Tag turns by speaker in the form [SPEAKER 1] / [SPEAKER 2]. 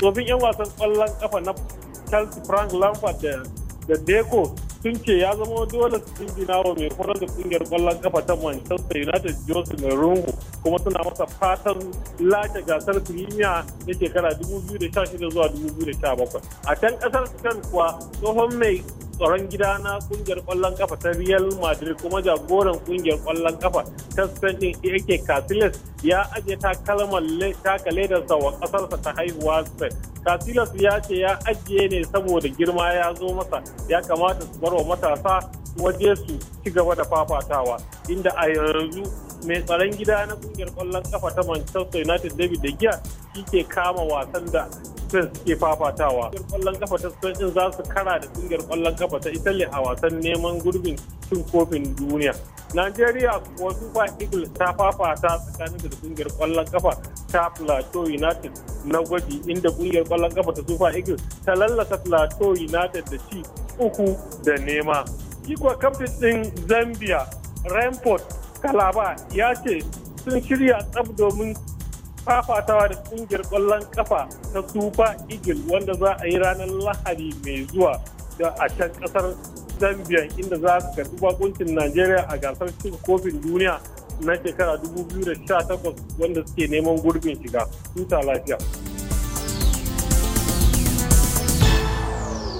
[SPEAKER 1] tsofin 'yan wasan kwallon kafa na chelsea frank lampard da deco sun ce ya zama dole su jingina wa mai horar da kungiyar kwallon kafa ta Manchester United Jose Mourinho kuma suna masa fatan lace gasar Premier na shekara 2016 zuwa 2017. A can kasar kan kuwa tsohon mai tsaron gida na kungiyar kwallon kafa ta Real Madrid kuma jagoran kungiyar kwallon kafa ta Spain din yake Casillas ya aje ta kalmar taka ledarsa wa kasarsa ta haihuwa Spain. Casillas ya ce ya ajiye ne saboda girma ya zo masa ya kamata su bar wa matasa waje su ci gaba da fafatawa inda a yanzu mai tsaron gida na kungiyar kwallon kafa ta Manchester United David De Gea shi ke kama wasan da spain suke fafatawa ƙungiyar ƙwallon kafa ta spain za su kara da ƙungiyar ƙwallon kafa ta italy a wasan neman gurbin cin kofin duniya Najeriya kuwa Super Eagles ta fafata tsakanin da kungiyar kwallon kafa ta Plateau United na gwaji inda kungiyar kwallon kafa ta Super Eagles ta lallata Plateau United da ci uku da nema. Ikwa kamfin ɗin Zambia, Rainport, Kalaba ya ce sun shirya tsab domin fafatawa da kungiyar kwallon kafa ta super eagle wanda za a yi ranar lahadi mai zuwa da a can kasar zambia inda za su karbi bakuncin najeriya a gasar cin kofin duniya na shekara 2018 wanda suke neman gurbin shiga tuta lafiya